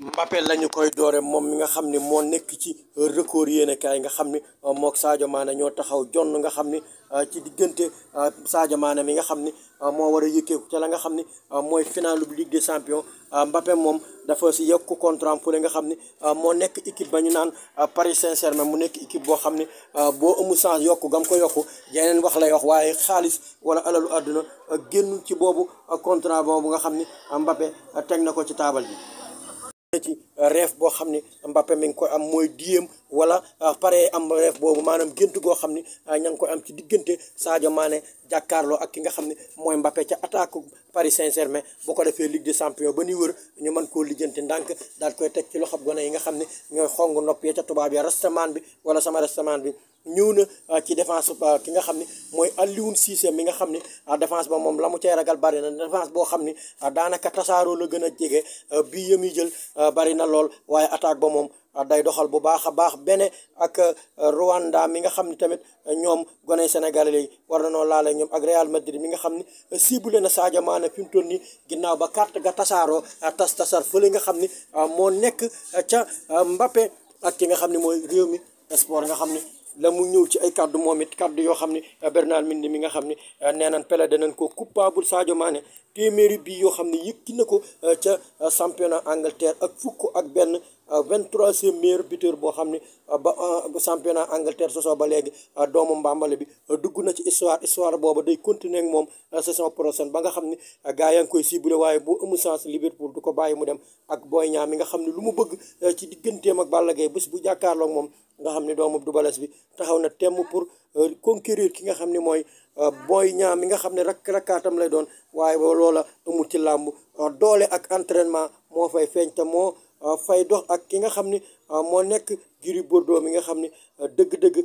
Mbappé la ñu koy doore moom mi nga xam ni moo nekk ci record yéenekaay nga xam ni euh, mook Sadio Mané ñoo taxaw jonn nga xam ni euh, ci diggante euh, Sadio Mané mi nga xam ni moo war a yëkkeeku ca la nga xam ni mooy finaalu Ligue des Champions Mbappé moom dafa si yokk contrant am nga xam ni moo nekk équipe ba ñu naan Paris saint mu nekk équipe boo xam ni boo amul chance yokku gam ko yokku yeneen wax la yokk waaye xaalis wala alalu àdduna génn ci boobu contrat boobu nga xam ni Mbappé teg na ko ci taabal bi reef boo xam ne Mbappé mi ngi am mooy diem wala euh, pare am rêve boobu maanaam gént goo xam ni euh, ña ngi koy am ci diggante Sadio maane jàkkaarloo ak ki nga xam ne mooy Mbappé ca attaque Paris Saint-Germain boo ko defee Ligue des Champions ba ni wër ñu mën koo lijjanti ndànk daal koy teg ci loxob gone yi nga xam ne ñooy xong nopp ya ca tubaab ya rastamaan bi wala sama rastamaan bi ñëw na euh, ci défense ki nga xam ne mooy Alioune Cissé mi nga xam ne défense ba moom la mu cay ragal bari na défense boo xam ne daanaka tasaaroo la gën a jege bii yëm yi jël bari na lool waaye attaque ba moom Euh, day doxal bu baax a baax bene ak euh, Rwanda mi nga xam ni tamit euh, ñoom gone sénégalais yi war na noo laale ñoom ak Real Madrid mi nga xam ne ciblé na Sadio Mané fi mu toll nii ginnaaw ba carte ga tasaaroo tas tasaar fële nga xam ni moo nekk ca Mbappé ak ki nga xam ne mooy réew mi sport nga xam ne la mu ñëw ci ay kàddu moom it kàddu yoo xam ne euh, Bernard Mendy mi nga xam ne euh, nee nañ Pelé danañ ko coupable Sadio Mané téeméeri bi yoo xam ne yëkki na ko euh, ca championnat Angleterre ak fukk ak benn 23e meilleur buteur boo xam ne ba championnat Angleterre sosoo ba léegi doomu Mbambale bi dugg na ci histoire histoire boobu day continuer moom saison ba nga xam ne gars yaa ngi koy waaye bu amul chance Liverpool ko bàyyi mu dem ak Boy Niang mi nga xam ne lu mu bëgg euh, ci digganteem ak Balla Gaye bés bu jàkkaarloog moom nga xam ne doomu Double Less bi taxaw na temm pour euh, conquérir ki nga xam ne mooy euh, Boy Niang mi nga xam ne rak rakkaatam lay doon waaye loola amul ci làmb doole ak entrainement moo fay feeñ te moo fay dox ak ki nga xam ni moo nekk Gris Bordeaux mi nga xam ne dëgg-dëgg